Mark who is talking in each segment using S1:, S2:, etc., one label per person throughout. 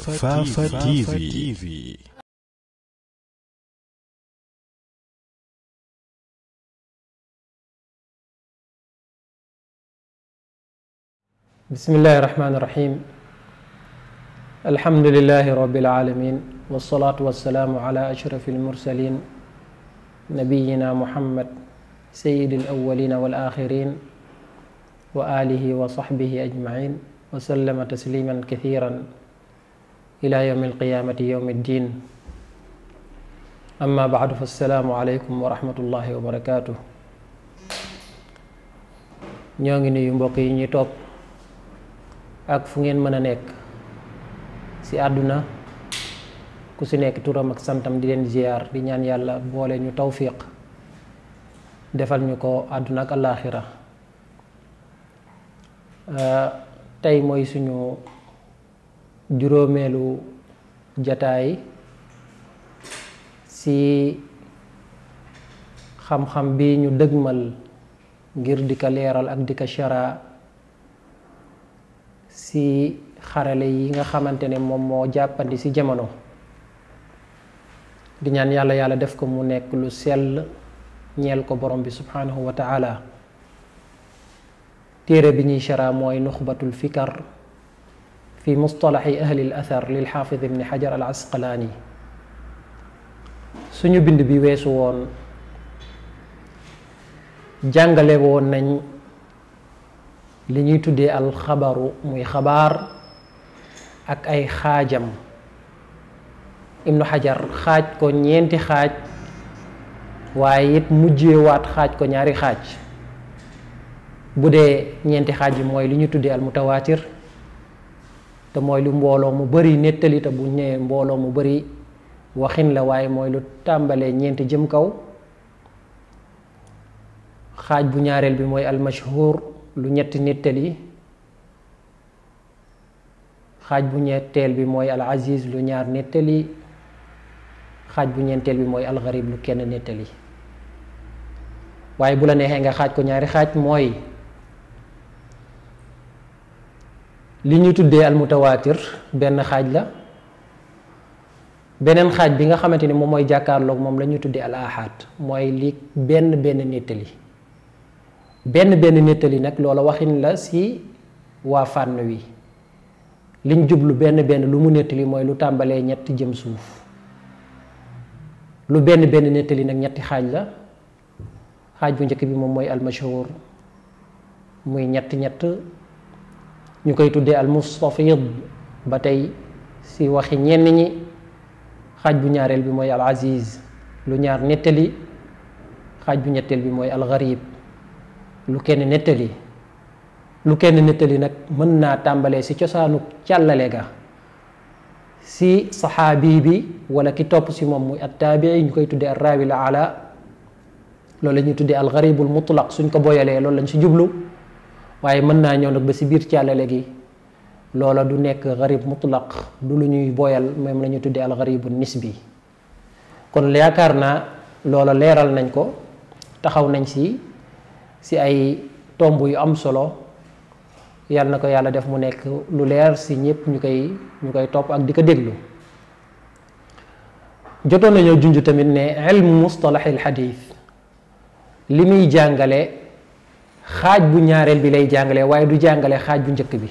S1: Fafa TV. بسم الله الرحمن الرحيم الحمد لله رب العالمين والصلاة والسلام على أشرف المرسلين نبينا محمد سيد الأولين والآخرين وآله وصحبه أجمعين وسلم تسليما كثيرا ila yowmi alqiyaamati yowmi ddin amma baadu fa salaamu aleykum wa wa barakaatu ñoo ngi nuyu mbokk yi ñuy topp ak fu ngeen mën a nekk ci àdduna ku ci nekk turam ak santam di leen ziyaar di ñaan yàlla boole ñu tawfiq defal ñu ko àdduna ak alaaxira tey mooy suñu juróomeelu jataay si xam-xam bi ñu dëgmal ngir di ko leeral ak di ko chara si xarale yi nga xamante ne moom moo jàppandi ci jamono di yàlla yàlla def ko mu nekk lu sell ñeel ko borom bi subhanahu téere bi ñuy chara mooy nuxbatul fikar في مصطلح أهل الأثر للحافظ ابن حجر العسقلاني suñu bind bi weesu woon jàngale woon nañ li ñuy tuddee alxabaru muy xabaar ak ay xaajam ibnu xajar xaaj ko ñeenti xaaj waaye it mujjewaat xaaj ko ñaari xaaj bu dee ñeenti xaaj yi mooy li ñuy tuddee al mutawaatir te mooy lu mbooloo mu bari nettali te bu ñëwee mbooloo mu bari waxin la waaye mooy lu tàmbalee ñeenti jëm kaw xaaj bu ñaareel bi mooy almashhur lu ñetti nettali xaaj bu ñetteel bi mooy al aziz lu ñaar xaaj bu ñeenteel bi mooy algarib lu kenn nettali waaye bu la neexee nga xaaj ko ñaari xaaj mooy li ñu tuddee almutawaatir benn xaaj la beneen xaaj bi nga xamante ni moom mooy jàkkaarloog moom la ñuy tuddee al ahaat mooy li benn benn nettali benn benn nettali nag loola waxin la si waa fànn wi liñ jublu benn benn lu mu nettali mooy lu tàmbalee ñetti jëm suuf lu benn benn nettali nag ñetti xaaj la xaaj bu njëkk bi moom mooy almashhur muy ñett ñett ñu koy tuddee al mustafid ba tey si waxi ñenn ñi xaaj bu ñaareel bi mooy al aziz lu ñaar nettali xaaj bu ñetteel bi mooy al gharib lu kenn nettali lu kenn nettali nag mën naa tàmbalee si cosaanu càllale ga si saxaabi bi wala ki topp si moom muy at taabii ñu koy tuddee al raawi la ala loolu la ñuy tuddee al gharibul mutlaq suñ ko boyalee loolu lañ si jublu waaye mën naa ñëw nag ba si biir càllale gi loola du nekk xarib mutlaq du lu ñuy boyal moom la ñu tuddee al xaribu bi kon yaakaar naa loola leeral nañ ko taxaw nañ si si ay tomb yu am solo yàlla na ko yàlla def mu nekk lu leer si ñëpp ñu koy ñu koy topp ak di ko déglu jotoon nañoo junj tamit ne ilmu mustalaxil xadiis li muy jàngale xaaj bu ñaareel bi lay jàngale waaye du jàngale xaaj bu njëkk bi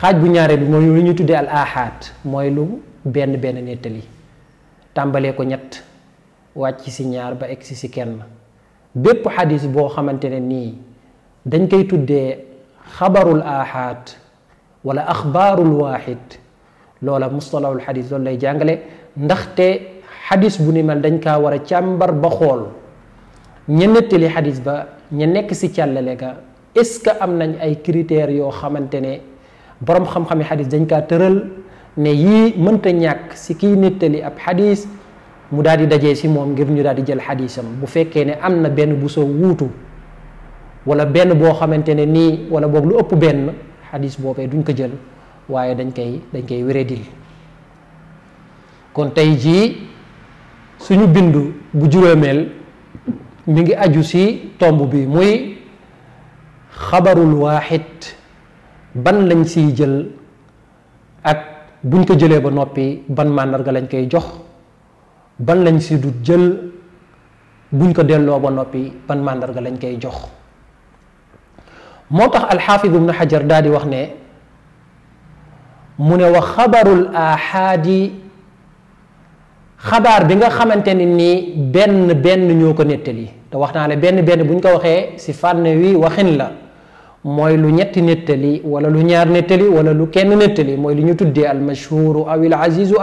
S1: xaaj bu ñaareel bi mooy lu ñu tuddee al aaxaat mooy lu benn benn nettali tàmbalee ko ñett wàcc si ñaar ba egsi si kenn bépp xadis boo xamante ne nii dañ koy tuddee xabarul aaxaat wala axbaarul waaxid loola mustalahul xadis loolu lay jàngale ndaxte xadis bu ni ma dañ kaa war a càmbar ba xool ña nettali xadis ba ña nekk si càllale ga est-ce que am nañ ay critères yoo xamante ne boroom xam-xami xadis dañ kaa tëral ne yii mënta ñàkk si kiy nettali ab xadis mu daal di dajee si moom ngir ñu daal di jël xadisam bu fekkee ne am na benn bu soo wuutu wala benn boo xamante ne nii wala boog lu ëpp benn xadis boobee duñ ko jël waaye dañ koy dañ koy wéredil kon tey jii suñu bindu bu juróomeel mu ngi aju ci tomb bi muy xabarul waaxid ban lañ siy jël ak buñ ko jëlee ba noppi ban màndarga lañ koy jox ban lañ si du jël buñ ko delloo ba noppi ban màndarga lañ koy jox moo tax alxaafidu ibnu xajar daal di wax ne mu ne wa xabarul aaxaadi xabaar bi nga xamante ne nii benn benn ñoo ko nettali te wax naa ne benn benn bu ñu ko waxee si fànn wi waxin la mooy lu ñetti nettali wala lu ñaar nettali wala lu kenn nettali mooy lu ñu tuddee almashhuru aw il azizu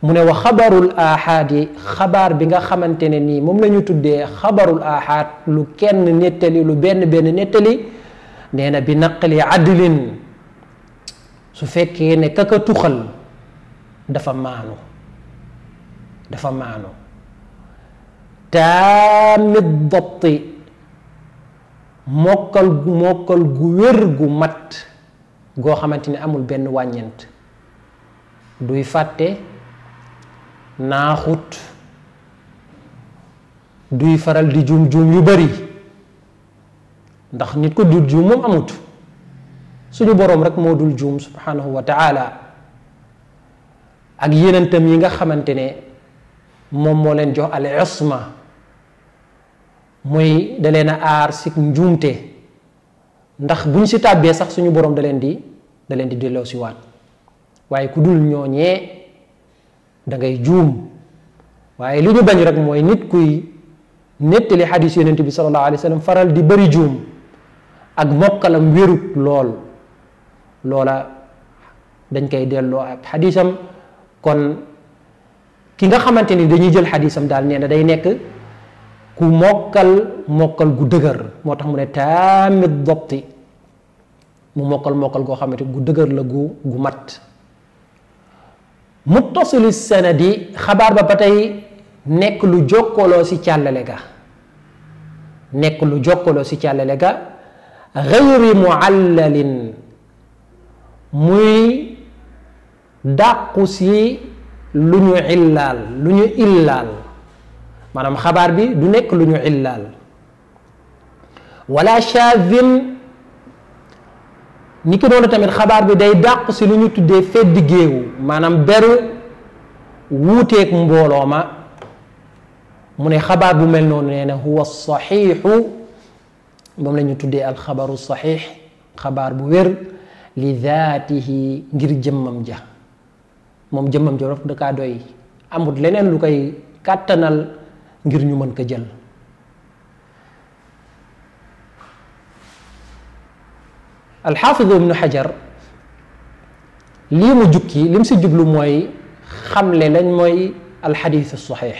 S1: mu ne wa xabaar bi nga xamante ne nii moom la tuddee xabarul ahad lu kenn nettali lu benn benn nettali neena na bi naqli adlin su fekkee ne kaka dafa maanu dafa maanu taamit dabti mokkal mokkal gu wér gu mat goo xamante ni amul benn wàññent duy fàtte naaxut duy faral di juum juum yu bari ndax nit ko dul juum moom amut suñu boroom rekk moo dul juum subhanahu ak yenentam yi nga xamante ne moom moo leen jox al isma muy da leen a aar si njuumte ndax buñ si tàbbee sax suñu boroom da leen di da leen di delloo si waat waaye ku dul ñooñee dangay juum waaye lu ñu bañ rek mooy nit kuy nettali xadis yonent bi sallallahu alayhi wa faral di bëri juum ak mokkalam wérut lool loola dañ koy delloo ak xadisam kon ki nga xamante ni dañuy jël xadisam daal nee na day nekk ku mokkal mokkal gu dëgër moo tax mu ne taamit dopti mu mokkal mokkal goo xamante gu dëgër la gu gu mat muttasili sanadi xabaar ba ba tey nekk lu jokkaloo ci càllale ga nekk lu jokkaloo ci càllale ga xëyri muallalin muy dàqu si lu ñu illaal lu ñu illaal maanaam xabaar bi du nekk lu ñu illaal wala chaazin ni ki noonu tamit xabaar bi day dàq si lu ñu tuddee feddi géewu maanaam beru wuuteeg mbooloo ma mu ne xabaar bu mel noonu nee na huwa saxiixu moom la tuddee al xabaru saxiix xabaar bu wér li daatihi ngir jëmmam ja moom jëmmam jorof da kaa doy amut leneen lu koy kàttanal ngir ñu mën ko jël alxaafidu ibnu xajar lii mu jukki lim si jublu mooy xamle lañ mooy alxadiis saxiix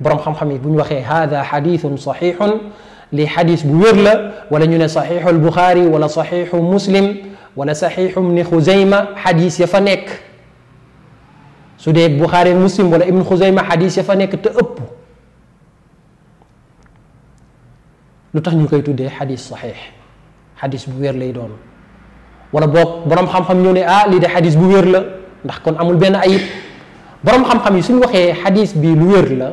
S1: boroom xam-xam yi bu ñu waxee hada xadiisun saxiixun lii xadiis bu wér la wala ñu ne saxiixu albuxaari wala saxiixu muslim wala saxiixu ibni xuzayma xadiis ya fa nekk su dee Buxaari muslim wala ibnu Xuzayma xadis ya fa nekk te ëpp lu tax ñu koy tuddee xadis saxiix xadis bu wér lay doon wala boog borom xam-xam ñoo ne ah lii de xadis bu wér la ndax kon amul benn ayib boroom xam-xam yi suñ waxee xadiis bii lu wér la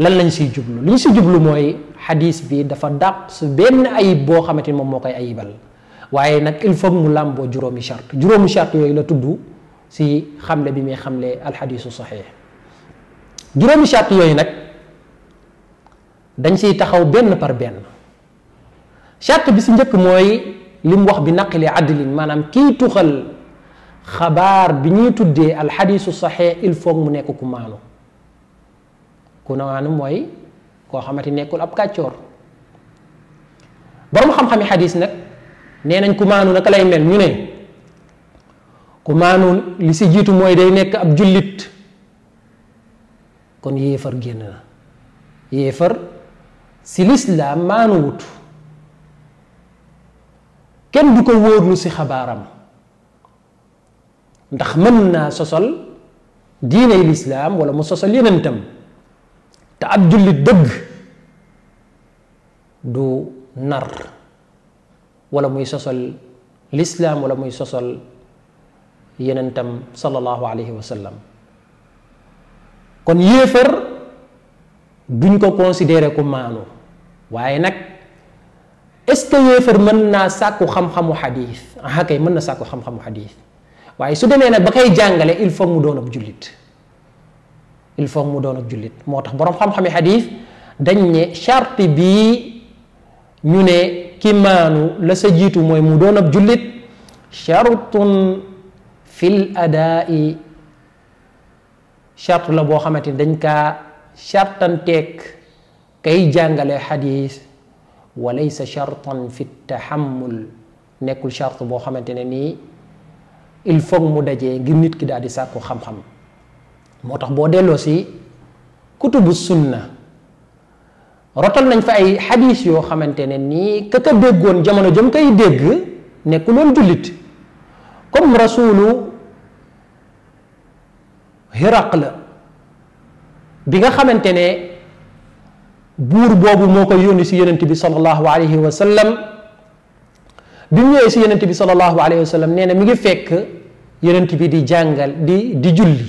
S1: lan lañ siy jublu li ñu si jublu mooy xadiis bi dafa dàq su benn ayib boo xamante ni moom moo koy ayibal waaye nag il faut mu làmboo juróomi charte juróomi charte yooyu la tudd. si xamle bi muy xamle alxadisu saxiix juróomi charte yooyu nag dañ siy taxaw benn par benn charte bi si njëkk mooy lim wax bi naqli adlin maanaam kii tuxal xabaar bi ñuy tuddee alxadisu saxiix il faut mu nekk ku maanu mooy koo xamante nekkul ab kàccoor borom xam-xami xadis nag nee nañ ku maanu naka lay mel ñu ne ku maanoon li si jiitu mooy day nekk ab jullit kon yéefar génn na yéefar si lislaam maanuwut kenn du ko wóorlu si xabaaram ndax mën naa sosol diiney lislaam wala mu sosol yenentam te ab jullit dëgg du nar wala muy sosol lislaam wala muy sosol yenentam sallallahu alayhi wa sallam kon yéefar duñ ko considéré ku maanu waaye nag est-ce que yéefar mën naa sàkku xam-xamu xadiis mën na sàkku xam-xamu waaye su demee nag ba koy jàngale il faut mu doon ab jullit il faut mu doon ab jullit moo tax boroom xam-xami xadiis dañ ne charte bii ñu ne ki maanu la sa jiitu mooy mu doon ab jullit chartun fil adaa'i charte la boo xamante ni dañ kaa chartanteeg kay jàngale xadis walaysa chartan fi taxamul nekkul charte boo xamante ne nii il faut mu daje ngir nit ki daal di sàkku xam-xam moo tax boo delloo si kutubu sunna rotal nañ fa ay xadis yoo xamante ne nii ka ka déggoon jamono jëm kay dégg nekkuloon jullit comme rasulu la bi nga xamante ne buur boobu moo ko yónni si yonent bi sallallahu alayhi wa sallam bi mu ñëwee si yenent bi sallallahu alayhi wa sallam nee na mi ngi fekk yonent bi di jàngal di di julli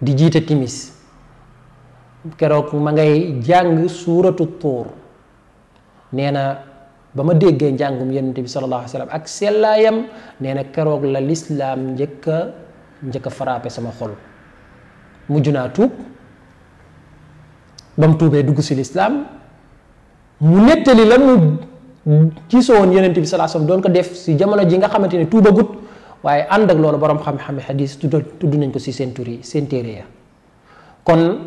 S1: di jiite timis keroog ma jàng suuratu tuur nee na ba ma déggee njàngum yonent bi sallallahu alayhi ak sellaayam nee na keroog la lislaam njëkk a njëkk a sama xol mujj naa tuub ba mu tuubee dugg si lislaam mu nettali la mu gisoo woon yonent bi salaa sallam doon ko def si jamono ji nga xamante ne tuubagut waaye ànd ak loolu borom xam-xam xadis tudd nañ ko si seen tur seen téere ya kon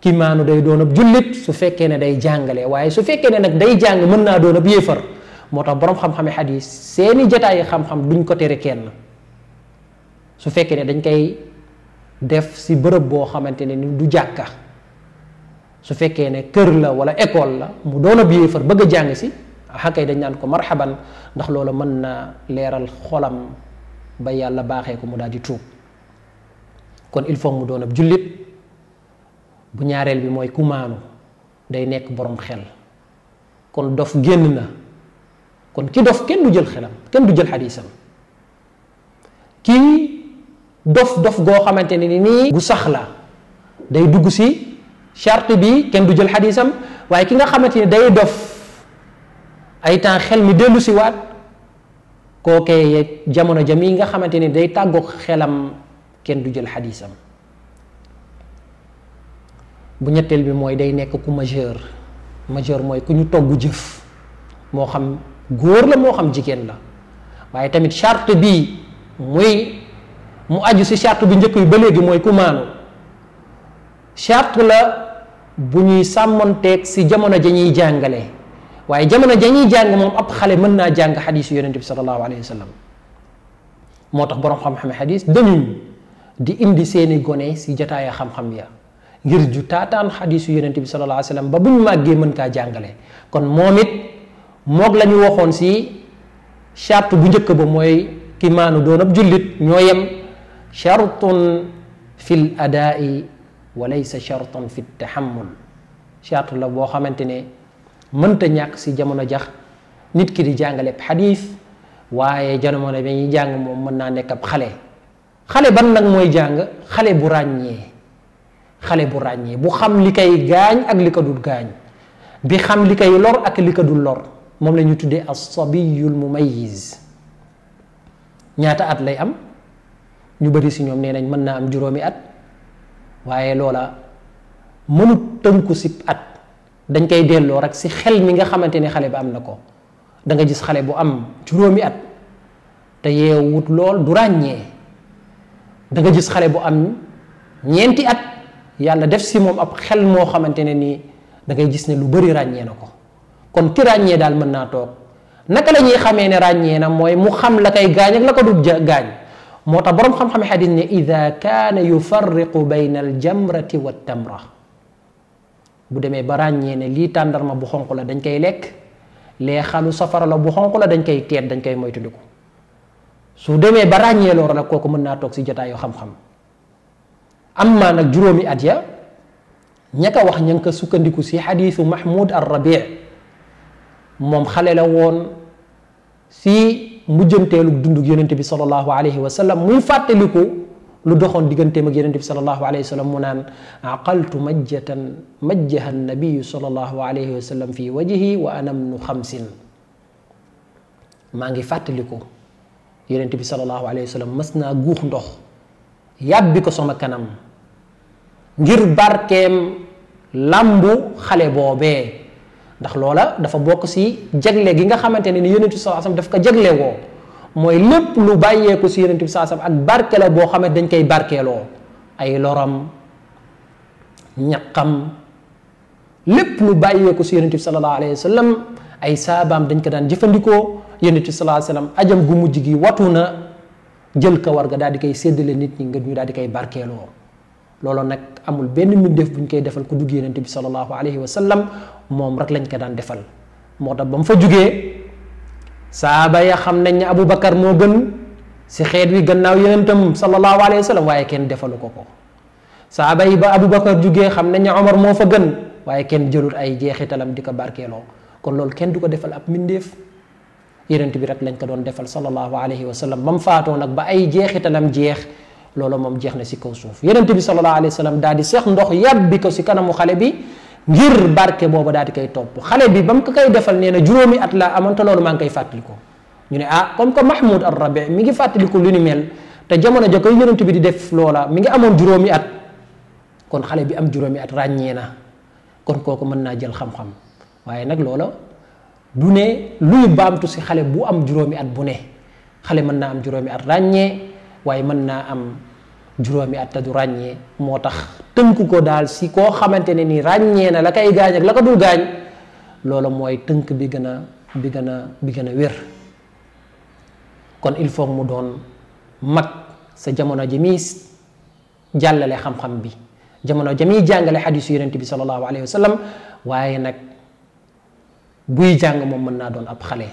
S1: ki maanu day doon ab jullit su fekkee ne day jàngale waaye su fekkee ne nag day jàng mën naa doon ab yéefar moo tax boroom xam-xame xadis seeni jataayi xam-xam duñ ko tere kenn su fekkee ne dañ koy def si bërëb boo xamante ne ni du jàkka su fekkee ne kër la wala école la mu doon ab yéefar bëgg a jàng si xakay ah, dañ naan ko marxaban ndax loolu mën na leeral xolam ba yàlla baaxee ko mu daal di tuub kon il faut mu doon ab jullit bu ñaareel bi mooy kumaanu day nekk boroom xel kon dof génn na kon ki dof kenn du jël xelam kenn du jël xadiisam kii dof dof goo xamante ne nii gu sax la day dugg si chart bi kenn du jël xadisam waaye ki nga xamante ni day dof ay temps xel mi dellu si waat kookee jamono jam yi nga xamante ni day tàggook xelam kenn du jël xadisam bu ñetteel bi mooy day nekk ku majeur majeur mooy ku ñu togg jëf moo xam góor la moo xam jigéen la waaye tamit charte bi muy mu aju si charte bu njëkk bi ba léegi mooy ku maanu charte la bu ñuy sàmmonteeg si jamono ja ñuy jàngale waaye jamono ja ñuy jàng moom ab xale mën naa jàng xadis yu yonente bi salallahu alayhi wa sallam moo tax borom xam-xam xadis dañuy di indi seeni gone si jataaya xam ya ngir ju taataan xadis yu yonente bi salallahu alayhi ba bu ñu màggee mën kaa jàngale kon moom it moog la waxoon si charte bu njëkk ba mooy ki maanu doon ab jullit ñoo yem chartun fi l adaa'i wa laysa chartun fi tahammul charte la boo xamante ne mënta ñàkk si jamono jax nit ki di jàngale xadiis waaye jamono bi ñuy jàng moom mën naa nekk ab xale xale ban nag mooy jàng xale bu ràññee xale bu ràññee bu xam li kay gaañ ak li ko gaañ bi xam li kay lor ak li ko dul lor moom la ñu tuddee as-sabiyul mumayyiz ñaata at lay am ñu bari si ñoom nee nañ mën naa am juróomi at waaye loola mënut tënku si at dañ koy delloo rek si xel mi nga xamante ne xale bi am na ko da nga gis xale bu am juróomi at te yeewut lool du ràññee da nga xale bu am ñeenti at yàlla def si moom ab xel moo xamante ne nii da gis ne lu bëri ràññee na ko kon ki ràññee daal mën naa toog naka la ñuy xamee ne ràññee na mooy mu xam la koy gaañ ak la ko dul gaañ moo tax boroom xam-xam xadis ne ida kaana yufarriqu bayna aljamrati wa tamra bu demee ba ràññee ne lii tàndarma bu xonq la dañ koy lekk lee xalu safara la bu xonq la dañ koy teet dañ koy moytandiku su demee ba ràññee loolu la kooku mën naa toog si jotaayu xam-xam am maa nag juróomi at ya ña ko wax ña ngi ko sukkandiku si xadisu mahmud ar rabi moom xale la woon si mujjanteelu dundug yonente bi salallahu alayhi wa sallam muy fàttaliku lu doxoon digganteem ak yonente bi salallahu alayhi wa sallam mu naan aqaltu majjatan majjaha annabiyu salallahu alayhi wa sallam fi wajhi wa anamnu xamsin maa ngi fàttaliku yonente bi salallahu alayhi wa sallam mas naa guux ndox yàbbi ko sama kanam ngir barkeem làmbu xale boobee ndax loola dafa bokk si jagle gi nga xamante ne ni yonent bi sallallahu daf ko jagle woo mooy lépp lu bàyyeeku si yonent bi sallallahu alayhi ak barke la boo xamante dañ koy barkeeloo ay loram ñaqam lépp lu bàyyeeku si yonent bi sallallahu alayhi wasallam ay saabaam dañ ko daan jëfandikoo yonent bi sallallahu alayhi ajam gu mujj gi watu na jël kawar ga daal di koy séddale nit ñi nga ñu daal di koy barkeeloo loolu nag amul benn mbindeef bu ñu koy defal ku dugg yonent bi sallallahu alayhi wa sallam moom rek lañ ko daan defal moo tax ba mu fa jugee saaba ya xam nañ ne Aboubacar moo gën si xeet wi gannaaw yonentam sallallahu alayhi wa sallam waaye kenn defalu ko ko saaba yi ba Aboubacar jugee xam nañ ne Omar moo fa gën waaye kenn jëlul ay jeexitalam di ko barkeeloo kon loolu kenn du ko defal ab mbindeef yonent bi rek lañ ko doon defal sallallahu alayhi wa ba mu faatoo nag ba ay jeexitalam jeex. loolo moom jeex na si kaw suuf yonent bi sallallahu alayhi wa sallam daal di seex ndox yàbbi ko si kanamu xale bi ngir barke boobu daal di koy topp xale bi ba mu ko koy defal nee na juróomi at la amoon te loolu maa ngi koy fàttaliku ñu ne ah comme que Mahmoud ar Rabi mi ngi fàttaliku lu ni mel te jamono ja koy yonent bi di def loola mi ngi amoon juróomi at kon xale bi am juróomi at ràññee na kon kooku mën naa jël xam-xam waaye nag loola du ne luy baamtu si xale bu am juróomi at bu ne xale mën naa am juróomi at ràññee. waaye mën naa am juróomi at du ràññee moo tax tënk ko daal si koo xamante ne ni ràññee na la kay gaañ ak la ko dul gaañ loolu mooy tënk bi gën a bi gën a bi gën a wér kon il faut mu doon mag sa jamono ji muy jàllale xam-xam bi jamono ja muy jàngale xadisu yonent bi sallallahu alayhi wa sallam waaye nag buy jàng moom mën naa doon ab xale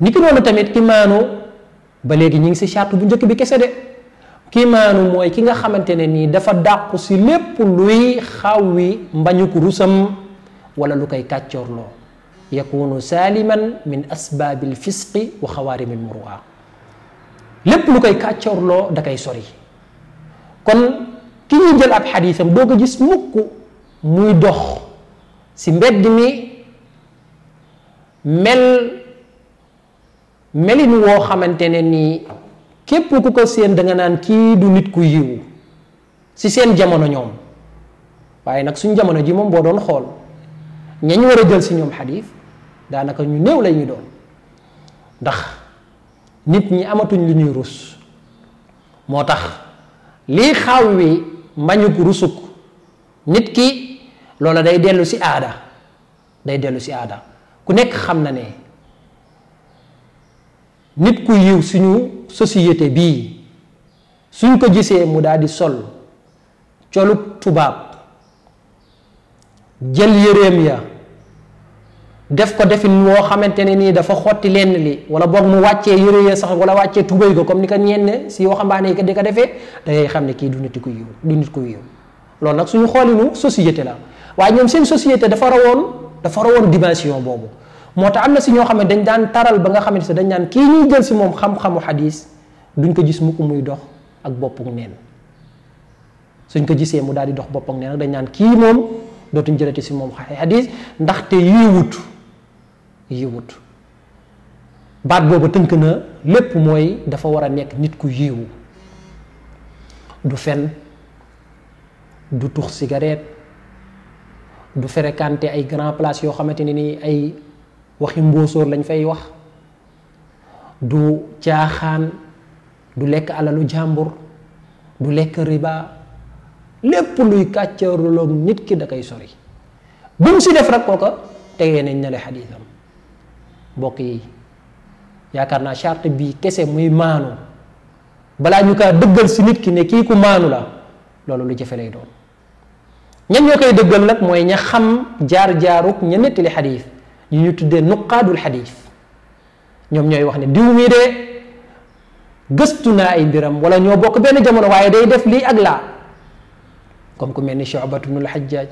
S1: niki noonu tamit ki maanu ba léegi ñu ngi si charte bu njëkk bi kese de kiimaanu mooy ki nga xamante ne nii dafa dàqu si lépp luy xawwi mbañuk rusam wala lu koy kàccoorloo loo saaliman min asbaabil fisqi wa xawaarimil murwa lépp lu koy da koy sori kon ki ñuy jël ab xadiisam doo ko gis mukk muy dox si mbedd mi mel melin woo xamante ne nii képp ku ko seen da naan kii du nit ku yiwu si seen jamono ñoom waaye nag suñ jamono ji moom boo doon xool ñañ war a jël si ñoom xadiis daanaka ñu néew la doon ndax nit ñi amatuñ lu ñuy rus moo tax lii xaaw wi mbañuk rusuk nit ki loolu day dellu si aada day dellu si aada ku nekk xam na ne nit ku yiw suñu société bii suñ ko gisee mu daal di sol colub tubaab jël yëreem ya def ko defin woo xamante ne nii dafa xotti lenn li wala boog mu wàccee yëre ya sax wala wàccee tubéy ko comme ni ko ñenn si waxambaane ko di ko defee da xam ne kii du nit ku yiw du nit ku yiw loolu nag suñu xoolinu société la waaye ñoom seen societé dafa rawoon dafa rawoon dimension boobu moo tax am na si ñoo xam ne dañ daan taral ba nga xamante ne dañ naan kii ñuy jël si moom xam-xamu xadis duñ ko gis muy dox ak boppam neen suñ ko gisee mu daal di dox boppam neen dañ naan kii moom dootuñ jëlati si moom xadis ndaxte yiwut yiwut baat boobu tënk na lépp mooy dafa war a nekk nit ku yiwu du fen du tux cigarette du fréquenter ay grand place yoo xamante ni nii ay waxi mbóosóor lañ fay wax du caaxaan du lekk alalu jàmbur du lekk riba lépp luy kàccaruloog nit ki da koy sori bu mu si def rek kooka tegee nañ ne la xadiisam mbokk yi yaakaar naa charte bii kese muy maanu balaa ñu kaa dëggal si nit ki ne kii ku maanu la loolu lu jafe lay doom ñan ñoo koy dëggal nag mooy ña xam jaar jaaruk ña nettali xadiis ñu ñu tuddee nuqaadul xadis ñoom ñooy wax ne diw mii de gëstu naa ay mbiram wala ñoo bokk benn jamono waaye day def lii ak la comme ku mel ni Shu'batu bnul Hajjaj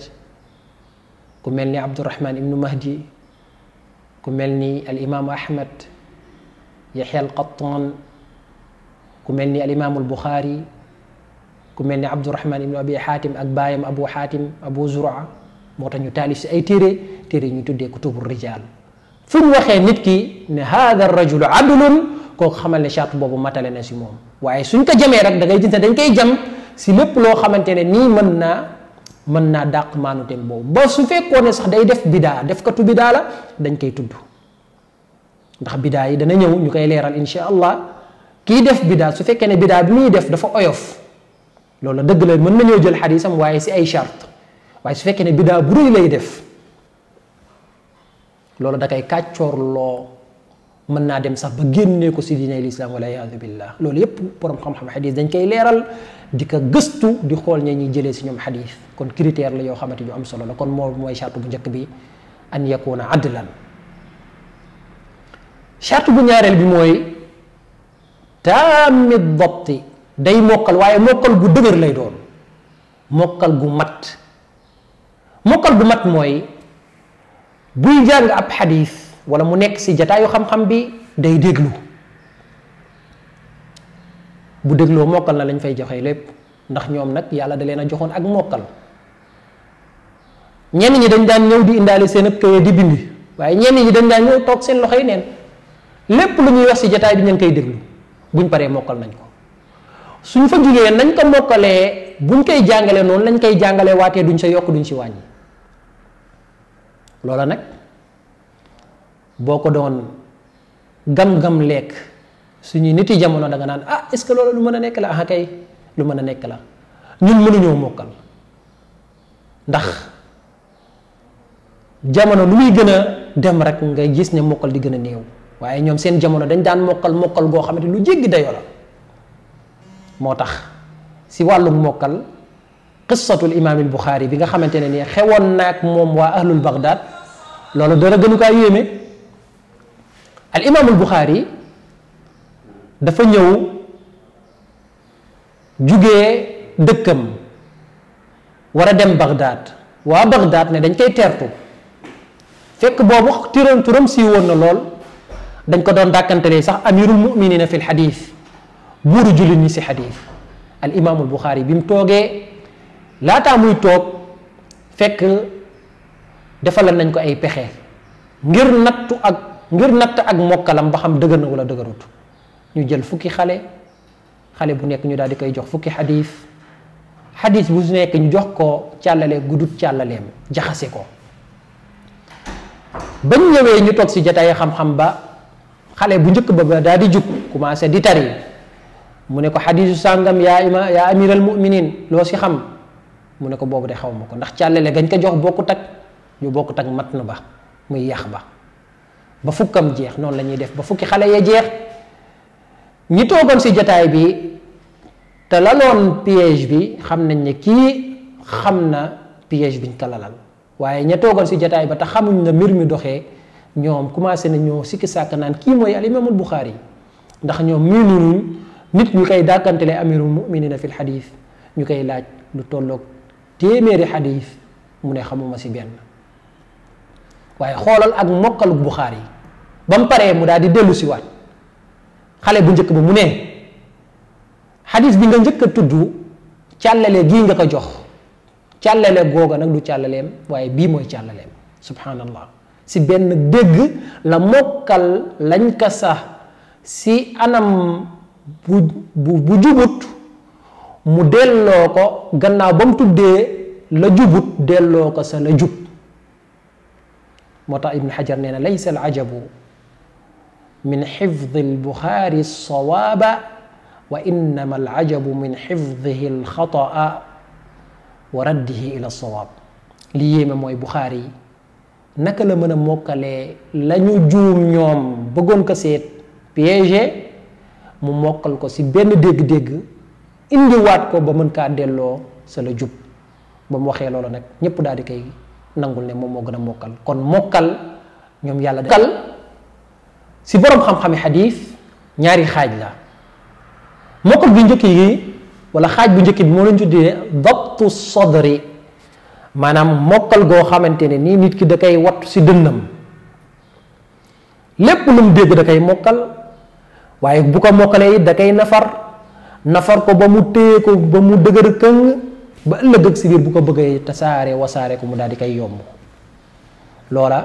S1: ku mel ni Abdurahman ibnu Mahdi ku mel ni al imaamu Ahmad Yaxya al ku mel ni al imaamu al Buxaari ku mel ni Abdurahman ibnu Abi Xaatim ak Abu Xaatim Abu Zur'a moo tax ñu taalif si ay téere téere ñu tuddee kutubu rijaal fu ñu waxee nit ki ne haada rajulu adlun kooku xamal ne charte boobu matale na si moom waaye suñ ko jamee rek da ngay dañ koy jam si lépp loo xamante ne nii mën naa mën naa dàq maanuteem boobu ba su fekkoo sax day def bidaa def katu bidaa la dañ koy tudd ndax bidaa yi dana ñëw ñu koy leeral insha allah kii def bidaa su fekkee ne bidaa bi muy def dafa oyof loolu dëgg la mën nañoo jël xadisam waaye si ay charte waaye su fekkee ne biddaa bu rëy lay def loolu da kay kàccoor loo mën naa dem sax ba génnee ko si diine lislaam wala yaadu billah loolu yépp borom xam-xam xadis dañ koy leeral di ko gëstu di xool ña ñuy jëlee si ñoom xadis kon critère la yoo xamante ñu am solo la kon moo mooy charte bu njëkk bi an yakuna adlan charte bu ñaareel bi mooy taami day mokkal waaye mokkal gu dëgër lay doon mokkal gu mat mokkal bu mag mooy buy jàng ab xadis wala mu nekk si jataayu xam-xam bi day déglu bu dégloo mokkal na lañ fay joxe lépp ndax ñoom nag yàlla da leen a joxoon ak mokkal ñenn ñi dañ daan ñëw di seen ab di bind waaye ñenn ñi dañ daan toog seen loxo yi neen lépp lu ñuy wax si jataay bi ñu ngi koy déglu buñ paree mokkal nañ ko suñ fa jugee nañ ko mokkalee buñ koy jàngalee noonu lañ koy jàngalee waatee duñ sa yokk duñ si wàññi. loola nag boo ko doon gam-gam lekk suñuy niti jamono danga nga naan ah est-ce que loola lu mën a nekk la ah kay lu mën a nekk la ñun mënuñoo mokkal ndax jamono lu muy gën a dem rek nga gis ne mokkal di gën a néew waaye ñoom seen jamono dañ daan mokkal mokkal goo xamante lu jéggi dayoo la moo tax si wàllum mokkal qissatul imaamil Buxaari bi nga xamante ne nii xewoon naag moom waa ahlul Bagdad loolu dara gënu kaa yéeme al imaamul Buxaari dafa ñëw jugee dëkkam war a dem Bagdad waa Bagdad ne dañ koy teertu fekk boobu turam turam sii na lool dañ ko doon dàkkantelee sax amirul muminina fi l xadis buuru jullit si xadis al imaamul bi mu toogee. laataa muy toog fekk defalal nañ ko ay pexe ngir nattu ak ngir natt ak mokkalam ba xam dëgër na wala dëgërut ñu jël fukki xale xale bu nekk ñu daal di koy jox fukki xadiis xadiis bu nekk ñu jox ko càllale guddut càllaleem jaxase ko bañ ñëwee ñu toog si jataay xam-xam ba xale bu njëkk ba ba daal di jug commencé di tari mu ne ko xadiisu sàngam yaa ima yaa amiral muminin loo si xam mu ne ko boobu de xaw ma ko ndax càllale gañ ko jox bokkut ak ñu bokk ak mat nu ba muy yàq ba ba fukkam jeex noonu lañuy def ba fukki xale ya jeex ñi toogoon si jataay bi te laloon piège bi xam nañ ne kii xam na piège biñ ko waaye ña toogoon si jataay ba te xamuñ na mbir mi doxee ñoom commencé na ñoo sikki sàkk naan kii mooy al imaamul Buxaari ndax ñoom miinuñu nit ñu koy dàkkantele amirul muminina fi l xadis ñu koy laaj lu tollook téeméeri xadiis mu ne xamuma si benn waaye xoolal ak mokkaluk Buxaari yi ba mu paree mu daal di dellu si waat xale bu njëkk ba mu ne xadiis bi nga njëkk a tudd càllale gii nga ko jox càllale googa nag du càllaleem waaye bii mooy càllaleem subhanallah si benn dégg la mokkal lañ ko sax si anam bu bu jubut mu delloo ko gannaaw ba mu tuddee la jubut delloo ko sa la jub moo tax ibn xajar nee na laysa al ajabu min xifdi al buxaari sawaaba wa innama al ajabu min xifdihi al xataa wa raddihi ila sawaab li yéeme mooy buxaari yi naka la mën a mokkalee la ñu juum ñoom bëggoon ko seet piégé mu mokkal ko si benn dégg-dégg indiwaat ko ba mën kaa delloo sa la jub ba mu waxee loolu nag ñëpp daal di koy nangul ne moom moo gën a mokkal kon mokkal ñoom yàlla kal si boroom xam-xami xadiis ñaari xaaj la mokkal bu njëkk yi wala xaaj bu njëkk bi moo leen tuddee dabtu sadri maanaam mokkal goo xamante ne nii nit ki da koy wattu si dënnam lépp lu mu dégg da koy mokkal waaye bu ko mokkalee da koy nafar nafar ko ba mu téye ko ba mu dëgër këng ba ëllëg ak si biir bu ko bëggee tasaare wasaare ko mu daal di koy yomb loola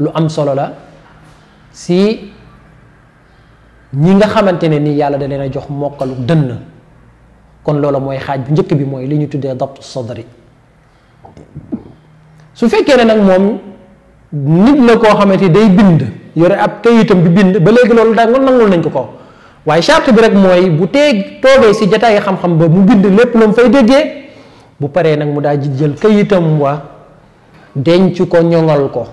S1: lu am solo la si ñi nga xamante ne ni yàlla da leen a jox mokkalu dënn kon loola mooy xaaj bi njëkk bi mooy li ñu tuddee dabtu sadri su fekkee ne nag moom nit la koo xamante day bind yore ab kayitam bi bind ba léegi loolu da nga nangul nañ ko ko waaye charte bi rek mooy bu tee toogee si jataay xam-xam ba mu bind lépp lu mu fay déggee bu paree nag mu daal di jël kayitam wa denc ko ñoŋal ko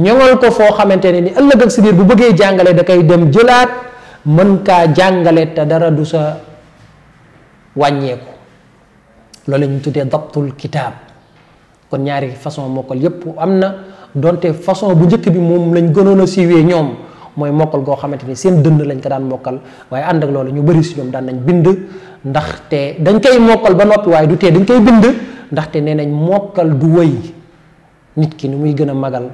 S1: ñoŋal ko foo xamante ne ni ëllëg ak si biir bu bëggee jàngalee da koy dem jëlaat mën kaa jàngale te dara du sa wàññeeku loolu ñu tuddee dabtul kitaab kon ñaari façon mokkal yépp am na donte façon bu njëkk bi moom lañ gënoon a siiwee ñoom mooy mokkal goo xamante ni seen dënd lañ ko daan mokkal waaye ànd ak loolu ñu bëri si ñoom daan nañ bind ndaxte dañ koy mokkal ba noppi waaye du tee dañ koy bind ndaxte nee nañ mokkal du wëy nit ki ni muy gën a magal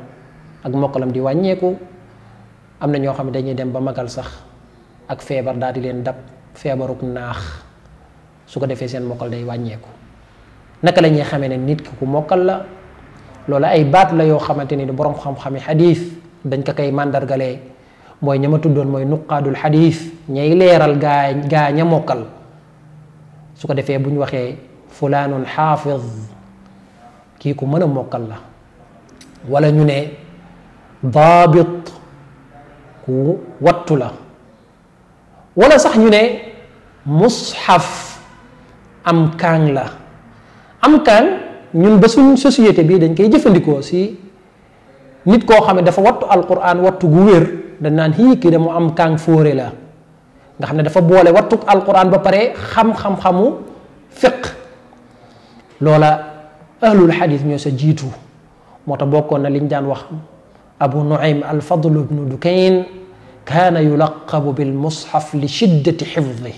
S1: ak mokkalam di wàññeeku am na ñoo xam ne dañuy dem ba magal sax ak feebar daal di leen dab feebaruk naax su ko defee seen mokkal day wàññeeku naka la ñuy ne nit ki ku mokkal la loolu ay baat la yoo xamante ni borom xam yi xadiis dañ ko koy màndargale mooy ña ma tuddoon mooy nuqaadul xadiis ñay leeral gaa gaa ña mokkal su ko defee bu ñu waxee fulaanun xaafiz kii ku mën a mokkal la walla ñu ne daabit ku la wala sax ñu ne musxaf am kaang la am kaang ñun ba suñ société bii dañ koy jëfandikoo si nit koo xam ne dafa wattu alquran wattu gu wér dañ naan hii kii de mu am kàng fóore la nga xam ne dafa boole wattuk alquran ba pare xam-xam-xamu fiq loola ahlul xadis ñoo sa jiitu moo tax bokkoon na liñ daan wax abu nuaym alfadl ibnu dukayn kaana yulaqabu bil mushaf li shiddati xifdi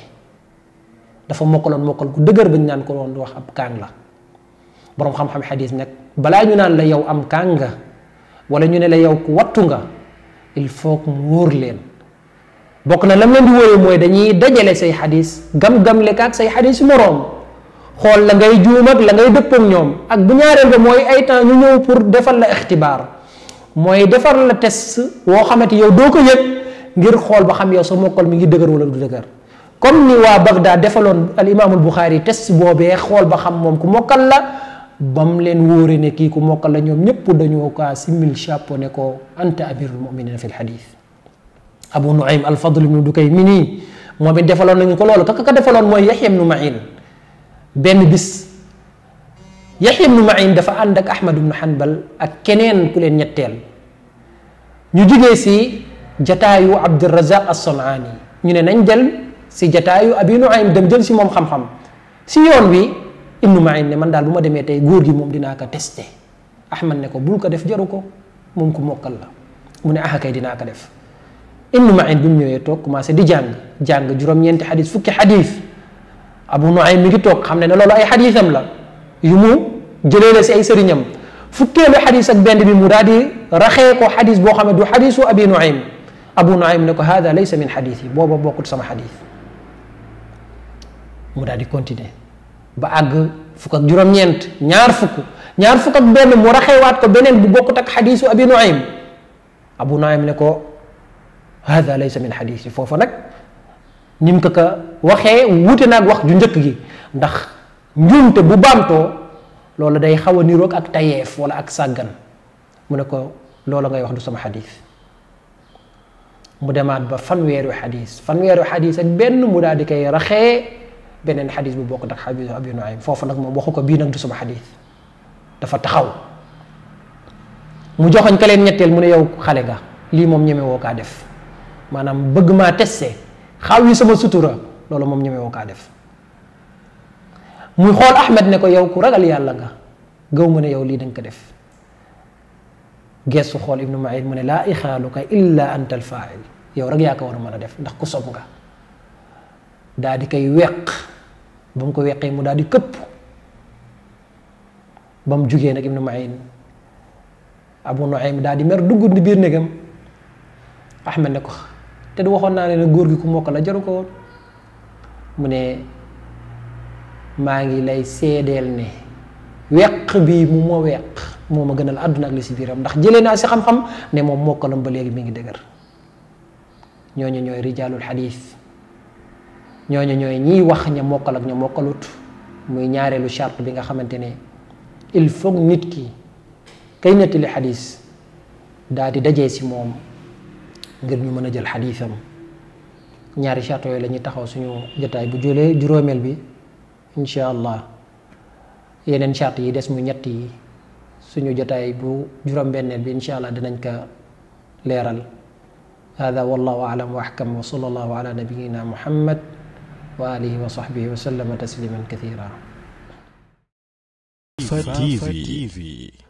S1: dafa mokkaloon mokkal ku dëgër bañ naan ko doon wax ab kàng la boroom xam-xam xadis nag balaa ñu naan la yow am kàng nga wala ñu ne la yow ku wattu nga il faut que mu wóor leen bokk na lam leen di wóoree mooy dañuy dajale say xadis gam-gamle kaak say xadis moroom xool la ngay juum ak la ngay dëppoog ñoom ak bu ñaareel ba mooy ay temps ñu ñëw pour defal la ixtibaar mooy defar la test woo xamante yow doo ko yëg ngir xool ba xam yow sa mokkal mi ngi dëgër wala du dëgër comme ni waa Bagdad defaloon al imaamul Buxaari test boobee xool ba xam moom ku mokkal la ba mu leen wóore ne kii ku mokkal la ñoom ñëpp dañoo kaa simil chapeau ne ko anta amirul muminina fi lxadis abu nuaym alfadl ibnu dukay mi nii moom it defaloon nañu ko loolu kaka ka defaloon mooy yaxya ibnu main benn bis yaxya ibnu main dafa ànd ak ahmad ibnu hanbal ak keneen ku leen ñetteel ñu jugee si jataayu abdurazaq assanaani ñu ne nañ jël si jataayu abi nuaym dem jël si moom xam-xam si yoon wi ibnu Ma'in ne man daal bu ma demee tey góor gi moom dinaa ko testé Ahmad ne ko bul ko def jaru ko moom ku mokkal la mu ne ah kay dinaa ko def ibnu Ma'in bi mu ñëwee toog commencé di jàng jàng juróom-ñeenti xadis fukki xadis Abu mi ngi toog xam ne ne loolu ay xadisam la yu mu jëlee la si ay sëriñam fukkeelu xadis ak benn bi mu daal di raxee ko xadis boo xam ne du xadisu Abi Nuaym Abu Nuaym ne ko hada laysa min xadis yi booba bokkut sama xadis mu daal di continuer ba àgg fukk ak juróom-ñeent ñaar fukk ñaar fukk ak benn mu raxewaat ko beneen bu bokkut ak xadiisu abi nuaym abu nuaym ne ko hada laysa min xadiis yi foofa nag nim ko ka waxee wuute naag wax ju njëkk gi ndax njuumte bu baamtoo loolu day xaw a niroog ak tayeef wala ak sàggan mu ne ko loola ngay wax du sama xadiis mu demaat ba fanweeru xadiis fanweeru xadiis ak benn mu daal di koy raxee beneen xadis bu bokk ndax xadis abi nuaym foofu nag moom waxu ko bii nag du sama xadis dafa taxaw mu joxoñ ka leen ñetteel mu ne yow xale nga lii moom ñeme kaa def maanaam bëgg maa teste xaw yi sama sutura loolu moom ñeme woo kaa def muy xool Ahmed ne ko yow ku ragal yàlla nga gaw ma ne yow lii danga ko def geesu xool ibnu maïn mu ne laa ixaaluka illa anta alfail yow rek yaa ko war a mën a def ndax ku sob nga daa di koy weq ba mu ko weqee mu daal di këpp ba mu jugee nag Ibnu Maïn Abu Nuaym daal di mer dugg ni biir néegam Ahmed ne ko te du waxoon naa ne ne góor gi ku mokk la jaru ko mu ne maa ngi lay seedeel ne weq bi mu ma weq moo ma gënal àdduna ak li si biiram ndax jëlee naa si xam-xam ne moom mokkalam ba léegi mi ngi dëgër ñooñu ñooy rijaalul xadiis ñooñu ñooy ñiy wax ña mokkal ak ña mokkalut muy ñaareelu charte bi nga xamante ne il faut nit ki kay nettali xadis daal di daje si moom ngir ñu mën a jël xadisam ñaari charte yooyu la taxaw suñu jotaay bu jëlee juróomeel bi incha yeneen charte yi des mu ñett suñu jotaay bu juróom-benneel bi incha allah dinañ ko leeral hada wallahu aalam wa ahkam wa sallallahu ala nabiyina muhammad wa alihi wa sahbihi wa sallama tasliman kathira Jalfa TV